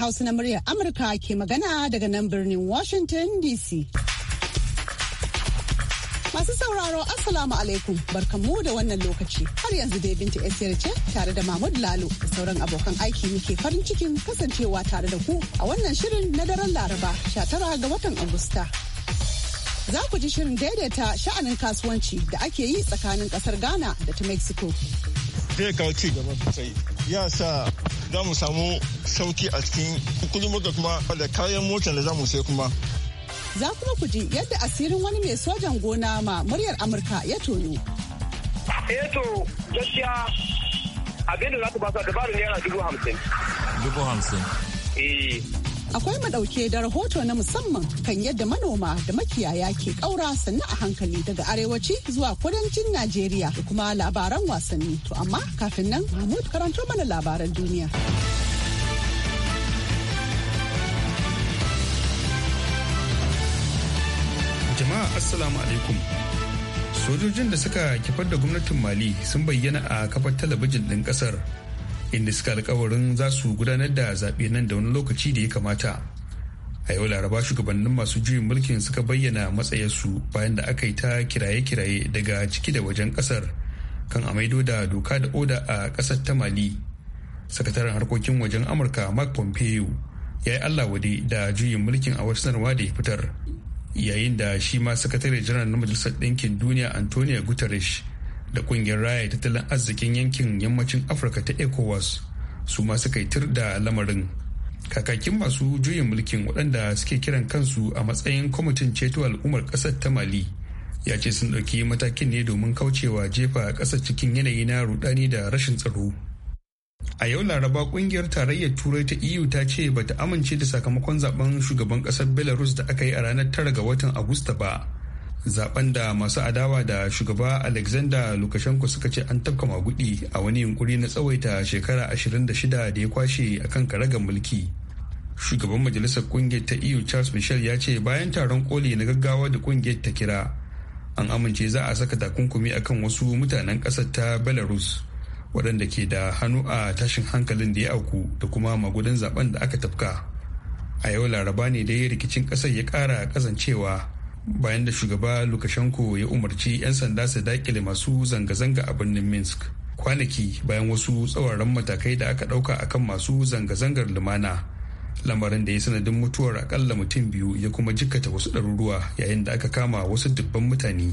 Hausa na muryar Amurka ke magana daga nan birnin Washington DC. Masu sauraro Assalamu alaikum barkanmu da wannan lokaci har yanzu dai Binta Esther ce tare da Mahmud Lalo da sauran abokan aiki muke farin cikin kasancewa tare da ku a wannan shirin na daren Laraba 19 ga watan Agusta. za ku ji shirin daidaita sha'anin kasuwanci da ake yi tsakanin kasar ghana da ta mexico za mu samu sauki a cikin kudin mota kuma da kayan motar da za mu sai kuma. Za kuma ku ji yadda asirin wani mai sojan gona ma muryar Amurka ya tono. Eh to gaskiya abin da za ku ba sa dabaru yana dubu hamsin. Dubu hamsin. Eh. akwai mu dauke da rahoto na musamman kan yadda manoma da makiyaya ke ƙaura sannu a hankali daga arewaci zuwa kudancin Najeriya da kuma labaran wasanni. To amma kafin nan Mahmud karanto mana labaran duniya. Jama'a Assalamu alaikum. Sojojin da suka kifar da gwamnatin Mali sun bayyana a kafar talabijin ɗin ƙasar inda suka alkawarin za su gudanar da zaɓe nan da wani lokaci da ya kamata a yau laraba shugabannin masu juyin mulkin suka bayyana matsayarsu bayan da aka yi ta kiraye-kiraye daga ciki da wajen ƙasar kan a maido da doka da oda a ƙasar ta mali sakataren harkokin wajen amurka mark pompeo ya yi allah wade da juyin mulkin a wata sanarwa da ya fitar yayin da shi ma sakatare janar na majalisar ɗinkin duniya antonio guterres da kungiyar raya tattalin arzikin yankin yammacin afirka ta ecowas su ma suka yi tir da lamarin kakakin masu juyin mulkin waɗanda suke kiran kansu a matsayin kwamitin ceto al'ummar ƙasar ta mali ya ce sun ɗauki matakin ne domin kaucewa jefa ƙasar cikin yanayi na rudani da rashin tsaro a yau laraba kungiyar tarayyar turai ta eu ta ce bata amince da sakamakon zaben shugaban ƙasar belarus da aka yi a ranar tara ga watan agusta ba zaben da masu adawa da shugaba alexander lukashenko suka ce an tabka magudi a wani yunkuri na tsawaita shekara 26 da ya kwashe akan karagar mulki shugaban majalisar kungiyar ta eu charles michel ya ce bayan taron koli na gaggawa da kungiyar ta kira an amince za a saka takunkumi akan wasu mutanen kasar ta belarus waɗanda ke da hannu a tashin hankalin da ya auku da kuma magudan zaben da aka tafka a yau laraba ne da rikicin ƙasar ya kara kasancewa bayan da shugaba lukashenko ya umarci 'yan sanda su dakile masu zanga-zanga a birnin minsk kwanaki bayan wasu tsawaran matakai da aka ɗauka akan masu zanga-zangar lumana lamarin da ya sanadin mutuwar akalla mutum biyu ya kuma jikkata wasu ɗaruruwa yayin da aka kama wasu dubban mutane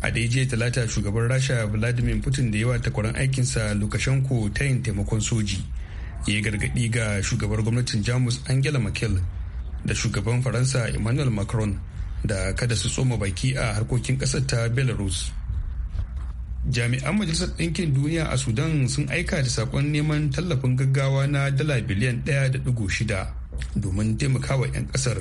a dai jiya talata shugaban rasha vladimir putin da yawa takwaran aikinsa lukashenko ta yin taimakon soji ya yi gargaɗi ga shugabar gwamnatin jamus angela merkel da shugaban faransa emmanuel macron da kada su tsoma baki a harkokin ƙasar ta belarus jami'an majalisar ɗinkin duniya a sudan sun aika da saƙon neman tallafin gaggawa na dala biliyan shida domin taimakawa 'yan ƙasar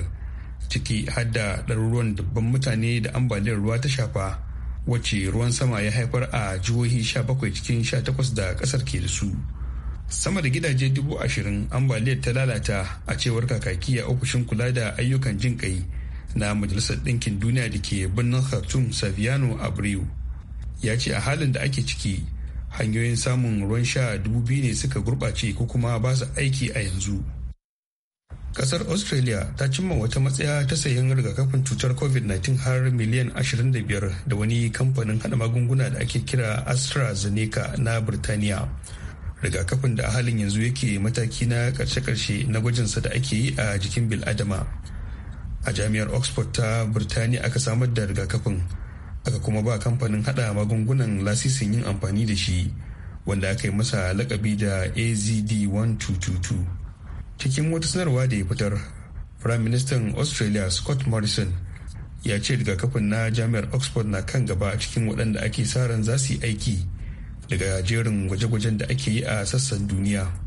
ciki hadda ɗaruruwan dubban mutane da ambaliyar ruwa ta shafa wacce ruwan sama ya haifar a jihohi bakwai cikin sha takwas da ƙasar ke da su sama da gidaje dubu ashirin ambaliyar ta lalata a cewar kakaki a ofishin kula da ayyukan jin ƙai na majalisar ɗinkin duniya da ke birnin khartoum saviano abreu ya ce a halin da ake ciki hanyoyin samun ruwan sha dubu biyu ne suka gurɓace ko kuma ba su aiki a yanzu ƙasar australia ta cimma wata matsaya ta sayan rigakafin cutar covid-19 har miliyan 25 da wani kamfanin hada magunguna da ake kira astrazeneca na birtaniya rigakafin da a halin yanzu yake mataki na karshe-karshe na gwajinsa da ake yi a jikin biladama. a jami'ar oxford ta birtaniya aka samar da rigakafin aka kuma ba kamfanin hada magungunan lasisin yin amfani da shi wanda aka yi masa lakabi da azd 1222 cikin wata sanarwa da ya fitar prime minister australia scott morrison ya ce rigakafin na jami'ar oxford na kan gaba a cikin waɗanda ake sa ran za su yi aiki daga jerin gwaje-gwajen da ake yi a sassan duniya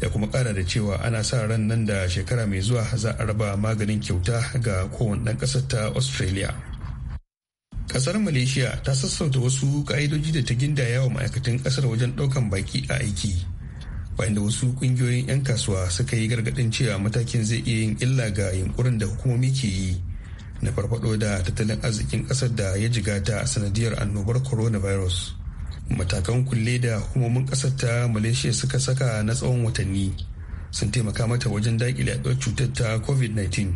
ya kuma kara da cewa ana sa ran nan da shekara mai zuwa za a raba maganin kyauta ga kowane ɗan ƙasar ta australia kasar malaysia ta sassauta wasu ka'idoji da ta gindaya wa ma'aikatan kasar wajen ɗaukan baki a aiki bayan da wasu ƙungiyoyin 'yan kasuwa suka yi gargaɗin cewa matakin zai iya yin illa ga yunkurin da hukumomi ke yi na farfado da tattalin arzikin ƙasar da ya jigata sanadiyar annobar coronavirus. matakan kulle da hukumomin kasar ta malaysia suka saka na tsawon watanni sun taimaka mata wajen daƙile yaduwar cutar ta covid-19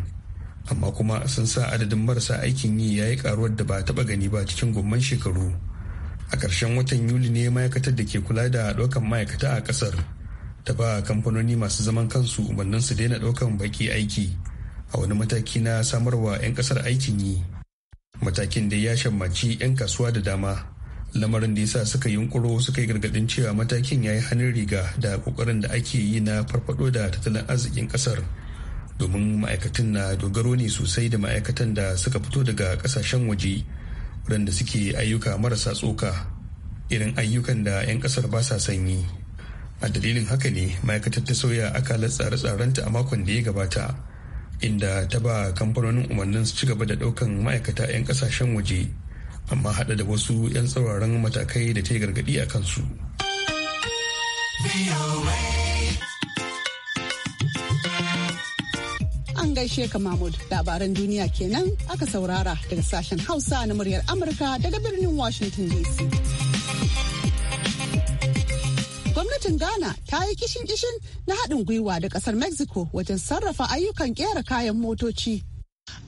amma kuma sun sa adadin marasa aikin yi ya yi karuwar da ba taɓa gani ba cikin gomman shekaru a ƙarshen watan yuli ne ma'aikatar da ke kula da ɗaukan ma'aikata a ƙasar ta ba kamfanoni masu zaman kansu umarnin su daina ɗaukan baki aiki a wani mataki na samarwa 'yan ƙasar aikin yi matakin da ya shammaci 'yan kasuwa da dama lamarin da yasa suka yunkuro suka yi gargadin cewa matakin ya yi hannun riga da kokarin da ake yi na farfado da tattalin arzikin kasar domin ma'aikatan na dogaro ne sosai da ma'aikatan da suka fito daga kasashen waje wadanda suke ayyuka marasa tsoka irin ayyukan da 'yan kasar ba sa sanyi a dalilin haka ne ma'aikatar ta sauya akalar tsare-tsarenta a makon da ya gabata inda ta ba kamfanonin umarnin su ci gaba da ɗaukan ma'aikata 'yan kasashen waje amma hada da wasu 'yan tsauraran matakai da ta yi gargadi a kansu. An gaishe ka Mahmud labaran duniya kenan aka saurara daga sashen Hausa na muryar Amurka daga birnin Washington DC. gwamnatin ghana ta yi kishin kishin na haɗin gwiwa da ƙasar mexico wajen sarrafa ayyukan ƙera kayan motoci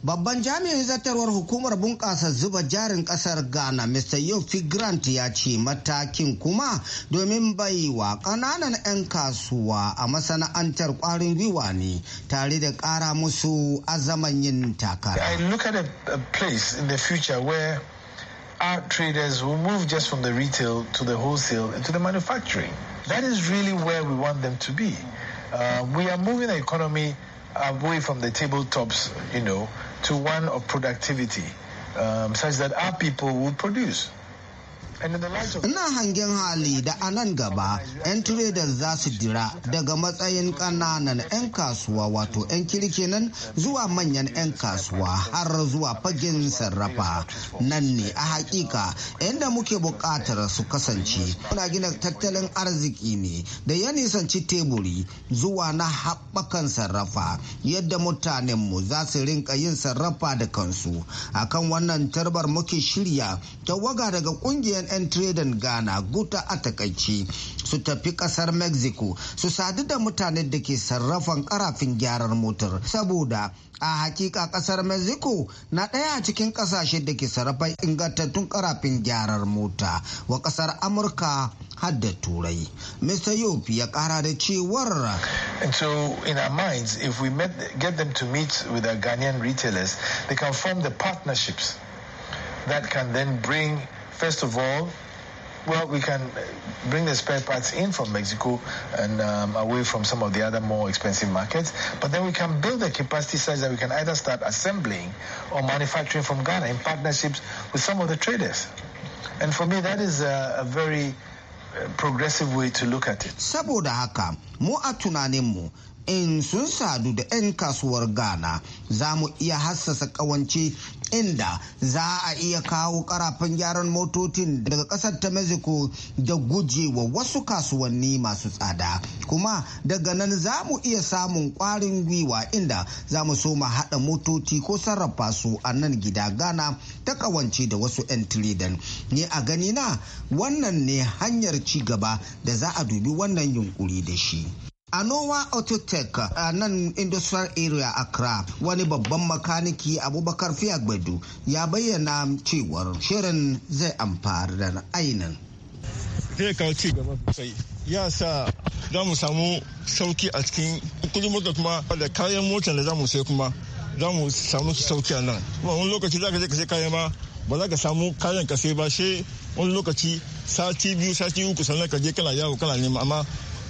Babban jami'in zartarwar hukumar bunƙasa zuba jarin ƙasar Ghana, Mr. Yofi Grant ya ce matakin kuma domin baiwa ƙananan 'yan kasuwa a masana'antar ƙwarin gwiwa ne tare da ƙara musu azaman yin takara. I look at a, a place in the future where our traders will move just from the retail to the wholesale and to the manufacturing. That is really where we want them to be. Uh, we are moving the economy away from the tabletops, you know, to one of productivity, um, such that our people will produce. Ina hangen hali da a nan gaba 'yan traders za su dira daga matsayin ƙananan 'yan kasuwa wato 'yan kirkenan zuwa manyan 'yan kasuwa har zuwa fagen sarrafa nan ne a hakika inda muke buƙatar su kasance. Muna gina tattalin arziki ne da ya nisanci teburi zuwa na haɓakan sarrafa yadda mutanenmu za su rinka yin sarrafa da kansu. Akan wannan tarbar muke shirya tawaga daga ƙungiyar kungiyar 'yan in ghana guta a takaici su tafi kasar mexico su sadu da mutanen da ke sarrafan karafin gyaran motar saboda a hakika kasar mexico na ɗaya a cikin ƙasashe da ke sarrafa ingantattun karafin gyaran mota wa kasar amurka har da turai mr yop ya kara da cewar and so in our minds if we met, get them to meet with our ghanaian retailers they can form the partnerships that can then bring First of all, well, we can bring the spare parts in from Mexico and um, away from some of the other more expensive markets. But then we can build the capacity such that we can either start assembling or manufacturing from Ghana in partnerships with some of the traders. And for me, that is a, a very uh, progressive way to look at it. in sun sadu da 'yan kasuwar Ghana za mu iya hassasa kawance inda za a iya kawo karafin gyaran motocin daga kasar ta mexico da gujewa wasu kasuwanni masu tsada kuma daga nan za mu iya samun ƙwarin gwiwa inda za mu so mu haɗa motoci ko sarrafa su a nan gida gana ta ƙawance da wasu 'yan tiridan ne a gani na wannan ne hanyar ci gaba da za a dubi wannan yunkuri da shi A Nowa Autotech a nan Industrial Area Accra wani babban makaniki Abubakar Fiyagbadu ya bayyana cewar shirin zai amfani da ainin. Zai kawo ci gaba sosai ya sa za mu samu sauki a cikin kudin mota kuma da kayan motar da za mu sai kuma za mu samu sauki a nan. Kuma wani lokaci za ka je ka sai kayan ma ba za ka samu kayan ka sai ba shi wani lokaci sati biyu sati uku sannan ka je kana yawo kana nema amma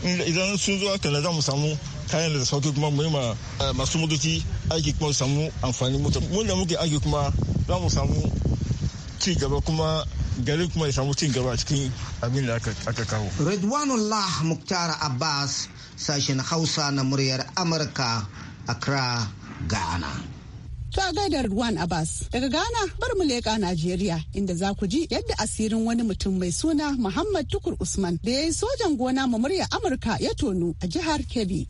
idan sun zo haka na za mu samu kayan da sauki kuma mu yi ma eh, masu motoci aiki kuma samu amfani mota mun da muke aiki kuma za mu samu ci gaba kuma gari kuma ya samu cin gaba cikin abin da aka kawo. Ridwanullah Muktar Abbas sashen Hausa na muryar Amurka Accra, Ghana. ta a gaidar Ruwan Abbas daga Ghana bar mu leƙa Najeriya inda za ku ji yadda asirin wani mutum mai suna Muhammad Tukur Usman da ya yi sojan gona ma murya Amurka ya tonu a jihar Kebbi.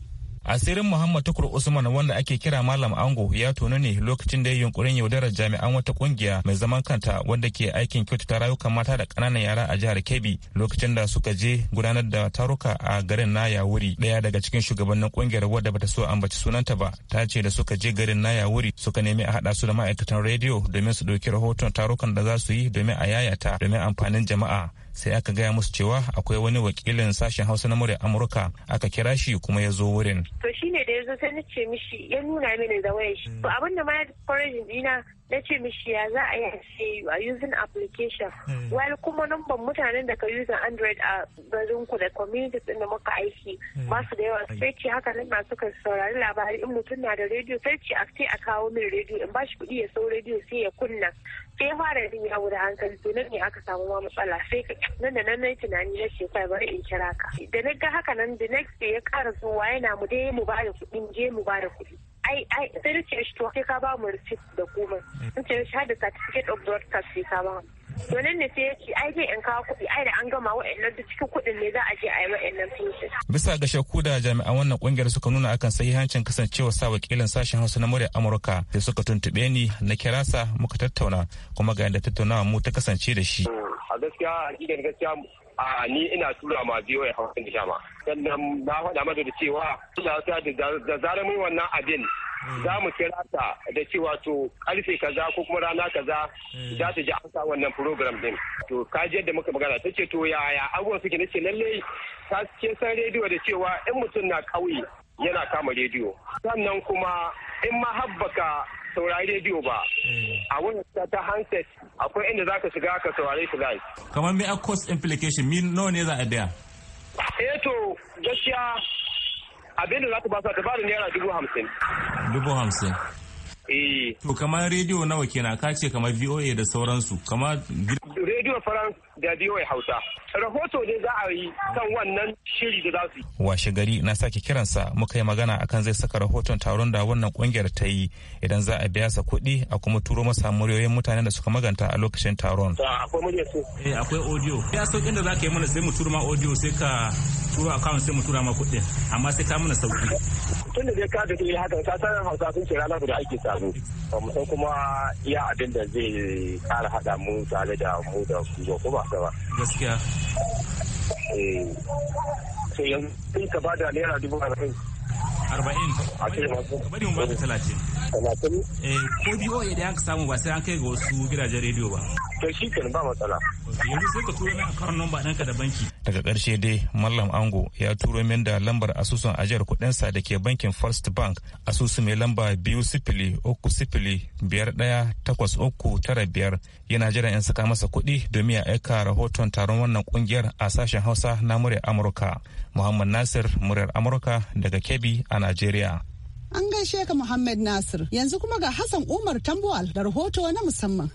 asirin muhammad tukur usman wanda ake kira malam ango ya tono ne lokacin da ya yunkurin yaudarar jami'an wata kungiya mai zaman kanta wanda ke aikin kyautata rayukan mata da ƙananan yara a jihar kebbi lokacin da suka je gudanar da taruka a garin naya wuri ɗaya daga cikin shugabannin kungiyar wadda bata so ambaci sunanta ba ta ce da suka je garin naya wuri suka nemi a haɗa su da ma'aikatan rediyo domin su ɗauki rahoton tarukan da za su yi domin a yayata domin amfanin jama'a sai aka gaya musu cewa akwai wani wakilin sashen hausa na murya amurka aka kira shi kuma ya zo wurin to shi ne da ya zo sai na ce mishi ya nuna mini da wayar shi to abin da ma ya farajin dina na ce mishi ya za a yi sai a using application hmm. while kuma numban mutanen da ka using android a garin ku da community din da muka aiki masu hmm. da yawa sai ce haka nan masu kan saurari labari in mutum na da rediyo sai ce a sai a kawo min rediyo in bashi kuɗi ya sau rediyo sai ya kunna sai fara yin ya da hankali to nan ne aka samu ma matsala sai ka nan da nan na yi tunani na ce kai bari in kira ka da na ga haka nan the next day ya kara zuwa yana mu dai mu ba da kuɗin je mu bada kuɗi ai ai sai da ce shi to kai ka ba mu receipt da komai sun shi har da certificate of broadcast sai ka ba mu to nan ne sai ya ce ai dai in kawo kuɗi ai da an gama wa'annan duk cikin kuɗin ne za a je a yi wa'annan finishin. bisa ga shakku da jami'an wannan kungiyar suka nuna akan sahihancin kasancewa sa wakilin sashen hausa na murya amurka da suka tuntuɓe ni na kirasa muka tattauna kuma ga yadda tattaunawa mu ta kasance da shi. a gaskiya a gaskiya a ni ina tura ma biyo ya hawa da shama sannan na faɗa mata da cewa suna ta da zarar mun wannan abin hmm. za mu kira ta da cewa to karfe kaza ko kuma rana kaza hmm. za ta ji an wannan program din to ka ji yadda muka magana ta ce to yaya abubuwan suke nace lallai ta ce san rediyo da cewa in mutum na ƙauye yana kama rediyo sannan kuma in ma habbaka saurari rediyo ba eh. a wannan ta handset akwai inda za ka shiga ka saurari su gai kamar me a cost implication min nawa ne za a daya eh to gaskiya abin da za ku ba su dabarar naira dubu hamsin dubu hamsin eh to kamar rediyo nawa kenan ka ce kamar voa da sauransu kamar rediyo faransa da biyoyi hausa rahoto ne za a yi kan wannan shiri da za su yi washe gari na sake kiransa muka yi magana akan zai saka rahoton taron da wannan kungiyar ta yi idan za a biya sa kuɗi a kuma turo masa muryoyin mutanen da suka maganta a lokacin taron akwai murya eh akwai audio ya sauƙin da za ka yi mana sai mu turo ma audio sai ka turo account sai mu tura ma kuɗin amma sai ka mana sauki tun da zai ka da yi haka ka san hausa sun ce rana guda ake samu ba mu san kuma iya abin da zai kara haɗa mu tare da mu da ku ba ƙasa gaskiya. gaskiya eh, to yanzu ka bada da naira dubu arba'in arba'in bari mu baka talatin talatin eh ko biyo idan ka samu ba sai an kai ga wasu gidajen rediyo ba to shi kenan ba matsala yanzu sai ka tura na account nomba nanka da banki daga ƙarshe dai mallam ango ya turo min da lambar asusun ajiyar kuɗinsa da ke bankin first bank asusu mai lamba biyu sifili uku sifili biyar ɗaya takwas uku tara biyar yana jiran in saka masa kuɗi domin ya aika rahoton taron wannan ƙungiyar a sashen hausa na muryar amurka muhammad nasir muryar amurka daga kebbi a najeriya an gaishe ka muhammad nasir yanzu kuma ga hassan umar tambuwal da rahoto na musamman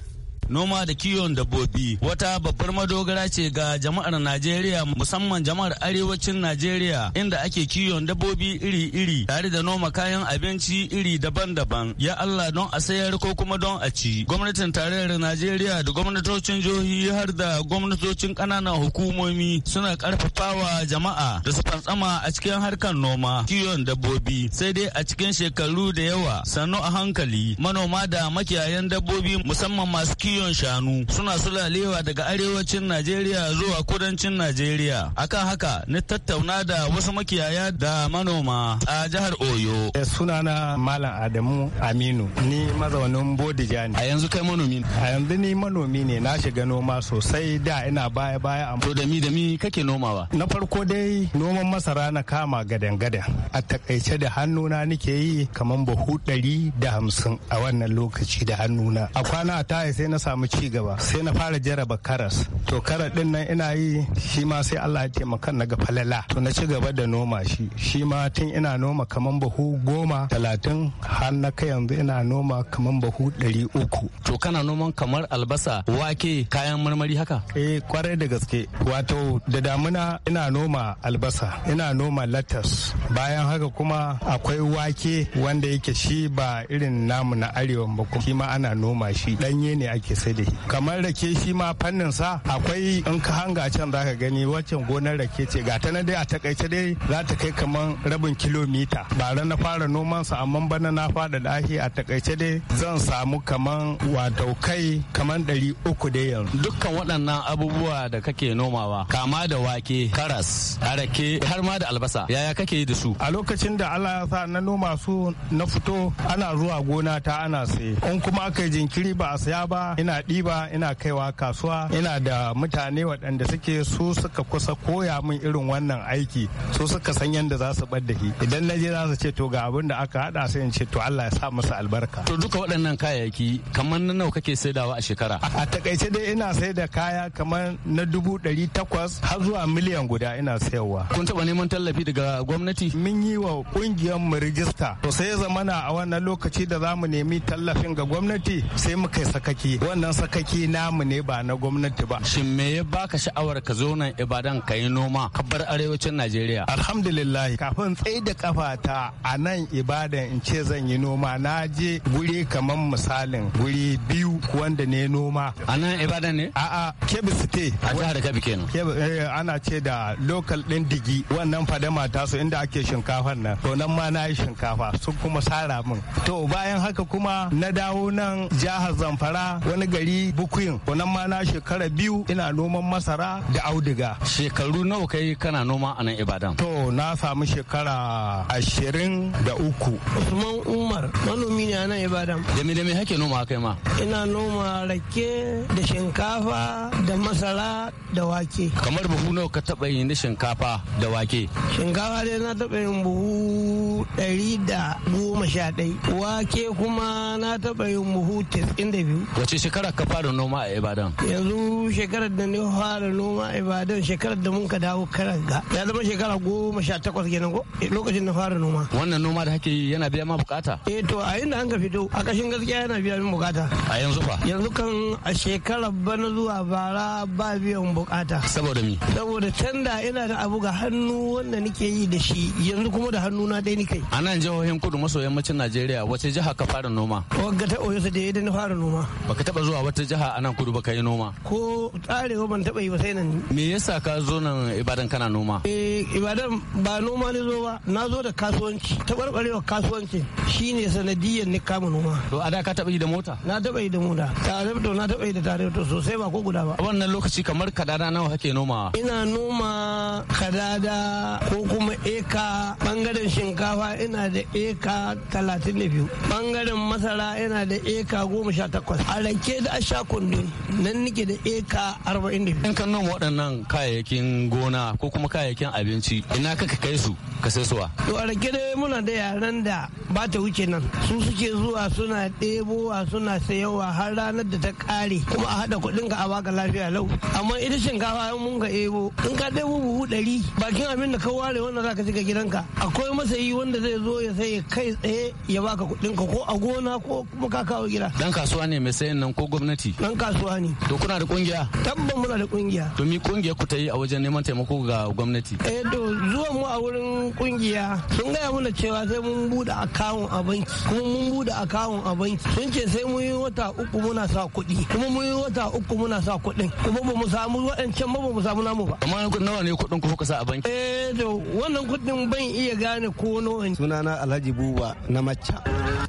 noma da kiwon dabbobi wata babbar madogara ce ga jama'ar Najeriya musamman jama'ar arewacin Najeriya inda ake kiwon dabbobi iri-iri tare da noma kayan abinci iri daban-daban ya Allah don a sayar ko kuma don a ci gwamnatin tarayyar Najeriya da gwamnatocin jihohi har da gwamnatocin kananan hukumomi suna karfafawa jama'a da su fantsama a cikin harkar noma kiwon dabbobi sai dai a cikin shekaru da yawa sannu a hankali manoma da makiyayan dabbobi musamman masu kiwo. miliyon shanu suna sulalewa daga arewacin Najeriya zuwa kudancin Najeriya. Akan haka ni tattauna da wasu makiyaya da manoma a jihar Oyo. Eh, sunana Malam Adamu Aminu ni mazaunin Bodija ne. A yanzu kai manomi ne? A yanzu ni manomi ne na shiga noma sosai da ina baya baya. To da mi da mi kake nomawa? Na farko dai noman masara na kama gadan gadan. A takaice da hannuna nake yi kamar buhu ɗari da hamsin a wannan lokaci da hannuna. A kwana ta sai na samu ci gaba sai na fara jaraba karas to karas din nan ina yi shi ma sai Allah ya taimaka na ga falala to na ci gaba da noma shi shi ma tun ina noma kaman bahu goma talatin har na kai yanzu ina noma kaman bahu ɗari uku. To kana noman kamar albasa wake kayan marmari haka? Eh kwarai da gaske wato da damuna ina noma albasa ina noma latas bayan haka kuma akwai wake wanda yake shi ba irin namu na arewa ba kuma shi ma ana noma shi ɗanye ne ake ake sai da kamar rake shi ma fannin sa akwai in ka hanga can zaka gani waccan gonar rake ce ga tana na dai a takaice dai za ta kai kamar rabin kilomita ba ra na fara noman sa amma bana na fada dahi a takaice dai zan samu kamar wato kai kamar ɗari uku dai yanzu dukkan waɗannan abubuwa da kake nomawa kama da wake karas a rake har ma da albasa yaya kake yi da su a lokacin da Allah ya sa na noma su na fito ana zuwa gona ta ana saye in kuma aka yi jinkiri ba a saya ba ina ɗiba ina kaiwa kasuwa ina da mutane waɗanda suke su suka kusa koya min irin wannan aiki su suka san yadda za su bar da shi idan na je za su ce to ga abin da aka haɗa sai in ce to Allah ya sa masa albarka. To duka waɗannan kayayyaki kamar na nawa kake saidawa a shekara? A takaice dai ina sai kaya kamar na dubu ɗari takwas har zuwa miliyan guda ina sayarwa. Kun taɓa neman tallafi daga gwamnati? Mun yi wa ƙungiyar mu rijista. To sai ya zamana a wannan lokaci da za mu nemi tallafin ga gwamnati sai mu kai sakaki. wannan sakaki namu ne ba na gwamnati ba shin me ya baka sha'awar ka zo nan ibadan ka yi noma ka bar arewacin najeriya alhamdulillah kafin tsaye da ta, a nan ibadan in ce zan yi noma na je guri kamar misalin guri biyu wanda ne noma a nan ibadan ne a'a kebbi state a jihar kebbi kenan eh, ana ce da local din digi wannan fadama su inda ake shinkafar nan to nan ma na yi shinkafa sun kuma sara min to bayan haka kuma na dawo nan jihar zamfara wani wani gari bukuyin kunan ma na shekara biyu ina noman masara da auduga shekaru nawa kai kana noma a nan ibadan to na samu shekara ashirin da uku usman umar manomi ne a nan ibadan da me me hake noma kai ma ina noma rake da shinkafa da masara da wake kamar buhu nawa ka taba yin da shinkafa da wake shinkafa dai na taba yin buhu ɗari da goma sha ɗai wake kuma na taba yin buhu tisin da biyu wace shekara ka fara noma a Ibadan? Yanzu shekarar da ne fara noma a Ibadan shekarar da mun ka dawo karan ga. Ya zama shekara goma sha takwas kenan ko eh, lokacin da fara noma. Wannan noma da hake yi yana biya ma bukata? Eh to a inda an ka fito a kashin gaskiya yana biya min bukata. A yanzu fa? Yanzu kan a shekarar bana zuwa bara ba biyan bukata. Saboda mi? Saboda tanda ina da abu ga hannu wanda nake yi da shi yanzu kuma da hannu na dai ni kai. A nan jihohin kudu maso yammacin Najeriya wace jiha ka fara noma? Wagga ta Oyo da ya fara noma. Baka taba zuwa wata jiha a nan kudu ba ka yi noma ko arewa ban taba yi ba sai nan me yasa ka zo nan ibadan kana noma eh ibadan ba noma ne zo ba na zo da kasuwanci tabarbarewa kasuwanci shine sanadiyar ni kama noma to a da ka taba yi da mota na taba yi da mota tare da na taba yi da tare da sosai ba ko guda ba wannan lokaci kamar kadada nawa kake noma ina noma kadada ko kuma eka bangaren shinkafa ina da eka talatin da biyu bangaren masara ina da eka goma sha takwas ke da sha kundi nan nike da eka 42 in ka waɗannan kayayyakin gona ko kuma kayayyakin abinci ina ka kai su ka sai suwa to a rake dai muna da yaran da ba ta wuce nan su suke zuwa suna ɗebowa suna sayowa har ranar da ta ƙare kuma a haɗa kuɗin ka a baka lafiya lau amma ita shinkafa mun ga ebo in ka ɗebo buhu ɗari bakin abin da ka ware wanda za ka cika gidanka akwai masayi wanda zai zo ya sai kai tsaye ya baka kuɗin ka ko a gona ko kuma ka kawo gida dan kasuwa ne mai sayan nan ko gwamnati nan kasuwa ne to kuna da kungiya tabban muna da kungiya to mi kungiya ku ta yi a wajen neman taimako ga gwamnati eh to zuwa mu a wurin kungiya sun gaya mana cewa sai mun bude akawun a banki kuma mun bude akawun a banki sun ce sai mun yi wata uku muna sa kuɗi kuma mun yi wata uku muna sa kuɗin kuma ba mu samu waɗancan ba ba mu samu namu ba amma nawa ne kuɗin ku kuka sa a banki eh to wannan kuɗin ban iya gane ko nawa ne sunana Alhaji Buba na Macca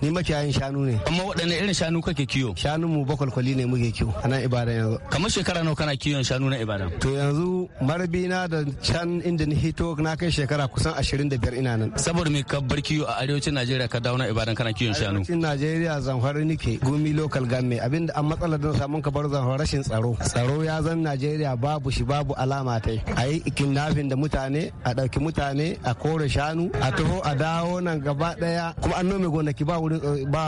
ni makiyayin shanu ne amma waɗanne irin shanu kake kiyo shanu mu kwalkwali ne muke kiwo a nan ibadan yanzu kamar shekara nawa kana kiwon shanu na ibadan to yanzu marbi na da can inda ni hito na kai shekara kusan 25 ina nan saboda me ka bar kiwo a arewacin najeriya ka dawo na ibadan kana kiwon shanu arewacin najeriya zamfara nike gumi local government abinda an matsalar don samun ka bar zamfara rashin tsaro tsaro ya zan najeriya babu shi babu alama tai a yi kidnapping da mutane a ɗauki mutane a kore shanu a taho a dawo nan gaba ɗaya kuma an nome gonaki ba wurin ba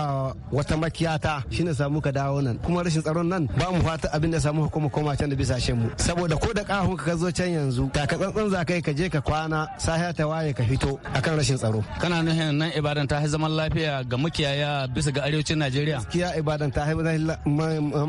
wata makiyata shine samu ka dawo nan nan kuma rashin tsaron nan ba mu fata abin da samu hukuma koma can da bisa mu saboda ko da kahun ka zo can yanzu ka ka tsantsan za kai ka je ka kwana sahiya ta waye ka fito akan rashin tsaro kana nuhin nan ibadan ta zaman lafiya ga makiyaya bisa ga arewacin Najeriya gaskiya ibadan ta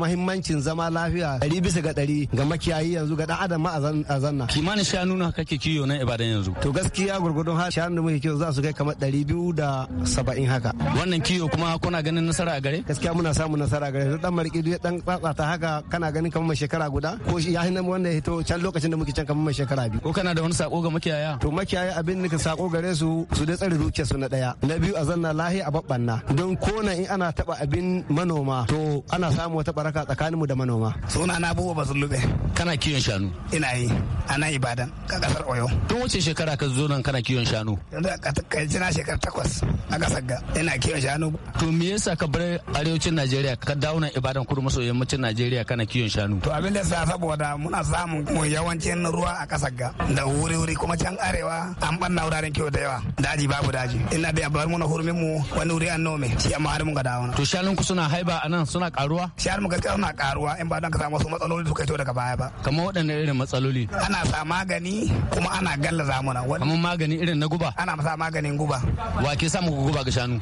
mahimmancin zama lafiya Dari bisa ga ɗari ga makiyayi yanzu ga dan adam ma a zanna kimanin shanu na kake kiyo na ibadan yanzu to gaskiya gurgudun ha shanu da muke kiyo za su kai kamar ɗari biyu da saba'in haka wannan kiyo kuma kuna ganin nasara a gare gaskiya muna samun nasara a gare dan marƙidu ya dan tsatsata haka kana ganin kamar shekara guda ko ya hinan wanda ya hito can lokacin da muke can kamar shekara biyu ko kana da wani sako ga makiyaya to makiyaya abin nika sako gare su su da tsare zuciya su na daya na biyu a zanna lahi a babbanna don kona in ana taba abin manoma to ana samu wata baraka tsakaninmu da manoma suna na abubuwa ba lube. kana kiyon shanu ina yi ana ibadan ka kasar oyo tun wace shekara ka zo nan kana kiyon shanu yanzu ka ji shekara takwas a kasar ga ina kiyon shanu to me yasa ka bar arewacin najeriya ka dawo nan ibadan kudu maso yammacin najeriya kana kiwon shanu to abin da sa saboda muna samun yawancin ruwa a kasar ga da wuri wuri kuma can arewa an banna wuraren kiwo da yawa daji babu daji ina da bar muna hurumin mu wani wuri an nome shi amma har mun ga dawo to shanun ku suna haiba anan suna karuwa shanun mu gaskiya suna karuwa in ba dan ka samu wasu matsaloli da suka fito daga baya ba kamar waɗanne irin matsaloli ana sa magani kuma ana galla zamuna. kamar magani irin na guba ana sa maganin guba wa ke sa mu guba ga shanu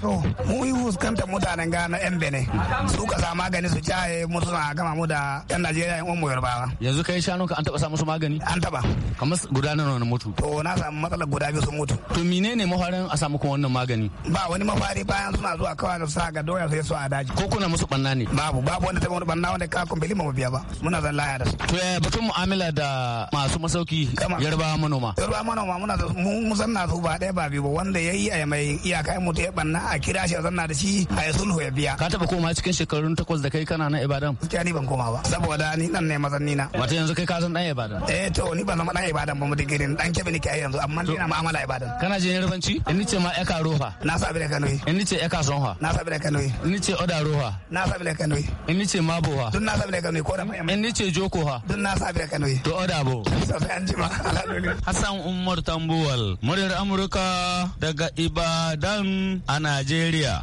mu yi fuskantar mutanen gana yan bene su ka sa magani su jaye mu suna gama mu da yan najeriya yan uwanmu yarbawa yanzu kai shanunka an taba sa musu magani an taba kamar guda nawa na mutu to na samu matsalar guda biyu sun mutu to menene mafarin a samu kuma wannan magani ba wani mafari bayan suna zuwa kawai da sa ga doya sai su a daji ko kuna musu banna ne babu babu wanda ta wani banna wanda ka kun bilima biya ba muna zan laya da su to batun mu'amala da masu masauki yarbawa manoma yarbawa manoma muna mu zanna su ba ɗaya ba biyu ba wanda yayi a mai iyaka mu ta banna a kira shi a zanna da shi a ya sulhu ya biya ka taba koma cikin shekarun takwas da kai kana na Ibadan? Gaskiya ni ban koma ba saboda ni dan ne mazanni na. Wato yanzu kai ka san dan Ibadan? Eh to ni ban zama dan Ibadan ba mu digirin dan kebe ni kai yanzu amma ni na mu'amala Ibadan. Kana jin yarbanci? In ce ma eka roha. Na sabi da kanoyi. In ce eka sonha. Na sabi da kanoyi. In ce oda roha. Na sabi da kanoyi. In ce boha. Dun na sabi da kanoyi ko da mai. In ce ha. Dun na sabi da kanoyi. To oda bo. Sai an jima. Hassan Umar Tambuwal, muryar Amurka daga Ibadan a Najeriya.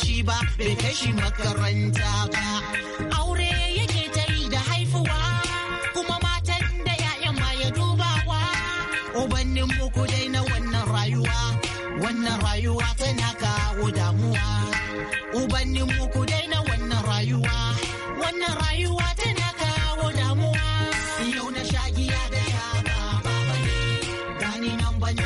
shi ba bai kai shi makaranta ba aure yake ta yi da haifuwa kuma matan da ya'yan ma ya dubawa ubannin muku dai na wannan rayuwa wannan rayuwa tana kawo damuwa ubannin muku dai na wannan rayuwa wannan rayuwa tana kawo damuwa yau na shagiya da ta ba ba ne gani nan ban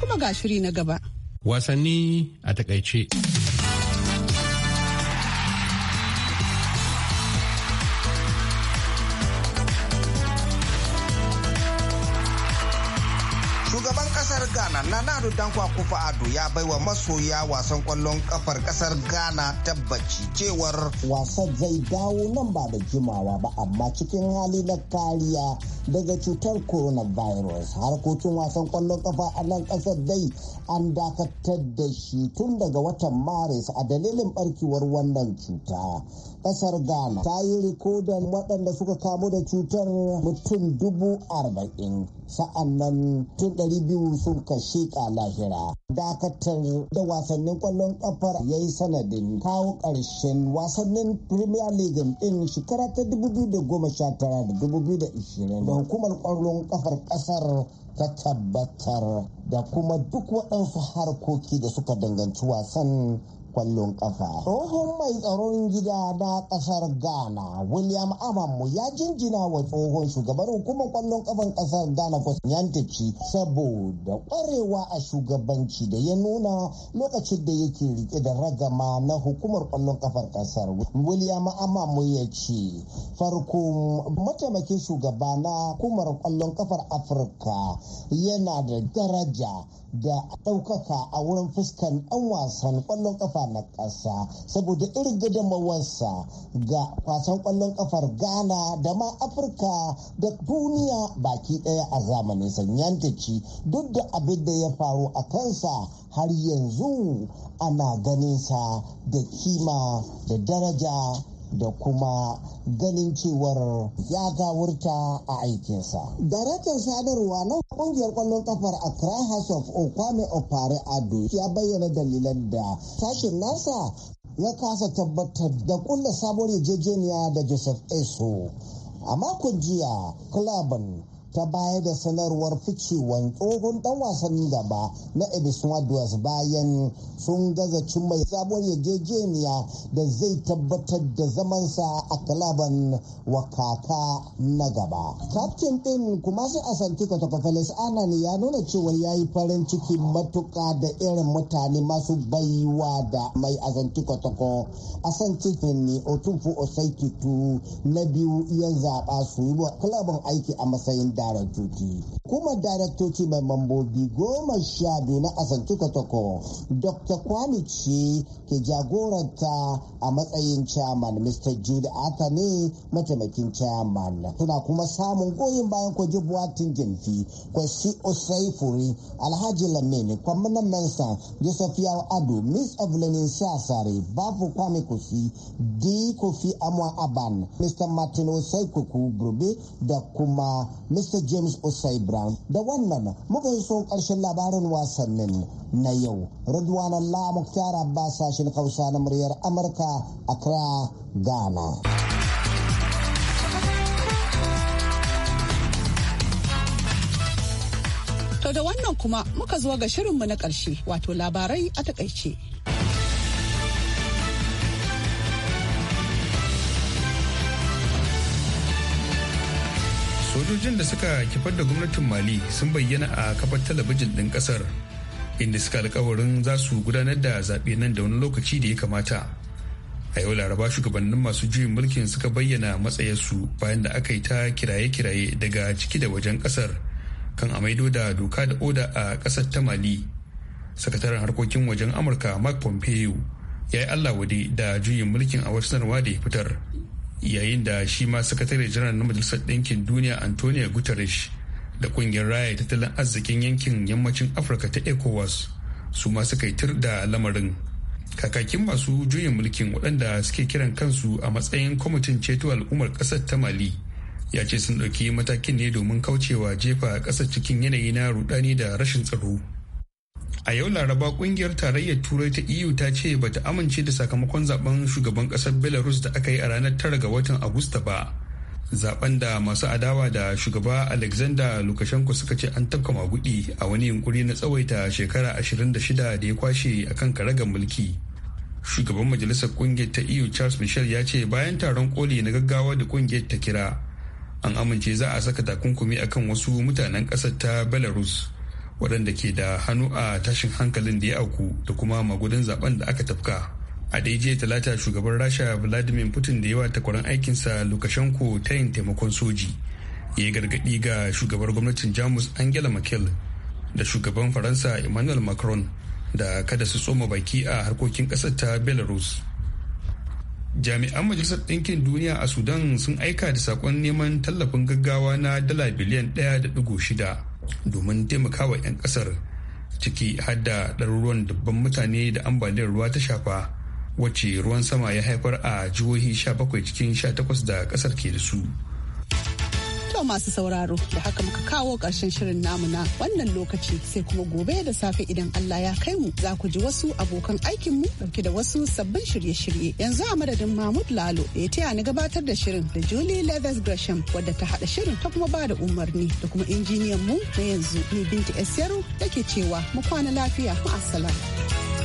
kuma ga shiri na gaba. Wasanni a takaice. kufa ado ya bai wa masoya wasan kwallon kafar kasar ghana tabbaci cewar wasan zai dawo nan ba da jimawa ba amma cikin hali na kariya daga cutar coronavirus harkokin wasan kwallon kafa a nan kasar dai an dakatar da shi tun daga watan maris a dalilin barkewar wannan cuta kasar ghana ta yi rikodin waɗanda suka kamu da cutar mutum dubu arba'in sa'an nan tun ɗari biyu sun kashe lahira dakatar da wasannin ƙwallon kafar ya yi sanadin kawo ƙarshen wasannin premier league ɗin shekara ta 2019-2020 da hukumar ƙwallon ƙafar ƙasar ta tabbatar da kuma duk waɗansu harkoki da suka danganci wasan kwallon kafa. Tsohon mai tsaron gida na kasar Ghana William Amamu ya jinjina wa tsohon shugaban hukumar kwallon kafan kasar Ghana Fosnyantici saboda kwarewa a shugabanci da ya nuna lokacin da yake rike da ragama na hukumar kwallon kafar kasar. William Amamu ya ce farko mataimakin shugaba na hukumar kwallon kafar Afirka yana da daraja da ɗaukaka a wurin fuskan ɗan wasan kwallon kafa kafa na ƙasa saboda irin gudunmawarsa ga kwasan ƙwallon ƙafar ghana da ma afirka da duniya baki ɗaya a zamanin sanyantaci duk da abin da ya faru a kansa har yanzu ana ganin sa da kima da daraja da kuma ganin cewar ya gawurta a aikinsa. Daraktan sadarwa na kungiyar kwallon kafar Accra House of Okwame Opare Ado ya bayyana dalilan da sashen nasa ya kasa tabbatar da kulla sabon yarjejeniya da Joseph Eso. A makon jiya, Klaban ta baya da sanarwar ficewan tsohon dan wasan gaba na Edison Wadwas bayan sun gaza mai sabon yarjejeniya da zai tabbatar da zamansa a kalaban wakaka na gaba. Kaftin din kuma sai a santi kwatakwafalis anan ya nuna cewa ya yi farin ciki matuka da irin mutane masu baiwa da mai azanti a asanti ne otufu osaikitu na biyu ya zaɓa su yi wa kalaban aiki a matsayin daraktoci kuma daraktoci mai mambobi goma sha biyu na asanti kotoko dr kwami ce ke jagoranta a matsayin chairman mr jude atani ne mataimakin chairman suna kuma samun goyon bayan kwaji buwatin jinfi kwasi osai furi alhaji lamini kwamnan mensa joseph yawo ado miss evelyn sasare babu kwami kusi d kofi amwa aban mr martin osai kuku da kuma mr mr james osai brown da wannan muka so karshen labarin wasannin na yau Ridwan Allah Mukhtar Abbas sashen Hausa na muryar Amurka Accra Ghana. To da wannan kuma muka zo ga shirinmu na ƙarshe wato labarai a takaice. sojojin da suka kifar da gwamnatin mali sun bayyana a kafar talabijin ɗin ƙasar inda suka alkawarin za su gudanar da zaɓe nan da wani lokaci da ya kamata a yau laraba shugabannin masu juyin mulkin suka bayyana matsayarsu bayan da aka yi ta kiraye-kiraye daga ciki da wajen ƙasar kan a maido da doka da oda a ƙasar ta mali sakataren harkokin wajen amurka mark pompeo ya yi allah wade da juyin mulkin a wasu sanarwa da ya fitar yayin da shi ma sakatare janar na majalisar ɗinkin duniya antonio guterres da ƙungiyar raya tattalin arzikin yankin yammacin afirka ta ecowas su ma suka yi tir da lamarin kakakin masu juyin mulkin waɗanda suke kiran kansu a matsayin kwamitin ceto al'ummar ƙasar ta mali ya ce sun ɗauki matakin ne domin kaucewa jefa ƙasar cikin yanayi na rudani da rashin tsaro a yau laraba kungiyar tarayyar turai ta eu ta ce ba ta amince da sakamakon zaben shugaban kasar belarus da aka yi a ranar 9 ga watan agusta ba zaben da masu adawa da shugaba alexander lukashenko suka ce an tafka magudi a wani yunkuri na tsawaita shekara 26 da ya kwashe akan karagar mulki shugaban majalisar kungiyar ta eu charles michel ya ce bayan taron koli na gaggawa da kungiyar ta kira an amince za a saka takunkumi akan wasu mutanen kasar ta belarus waɗanda ke da hannu a tashin hankalin da ya auku da kuma magudan zaben da aka tafka a daidai talata shugaban rasha vladimir putin da yawa takwaran aikinsa lukashenko ta yin taimakon soji ya yi gargaɗi ga shugabar gwamnatin jamus angela merkel da shugaban faransa emmanuel macron da kada su tsoma baki a harkokin ƙasar ta belarus jami'an majalisar ɗinkin duniya a sudan sun aika da saƙon neman tallafin gaggawa na dala biliyan shida. domin taimakawa 'yan kasar ciki hadda ɗaruruwan dubban mutane da ambaliyar ruwa ta shafa wacce ruwan sama ya haifar a jihohi 17 cikin 18 da kasar ke da su. To masu sauraro da haka muka kawo ƙarshen shirin namu na wannan lokaci sai kuma gobe da safe idan Allah ya kai mu za ku ji wasu abokan aikin mu dauke da wasu sabbin shirye-shirye. Yanzu a madadin Mahmud Lalo da ya taya ni gabatar da shirin da Julie Leathers Gresham wadda ta hada shirin ta kuma ba da umarni da kuma injiniyan mu na yanzu ni Binta Esiyaru da ke cewa mu kwana lafiya mu ma'asala.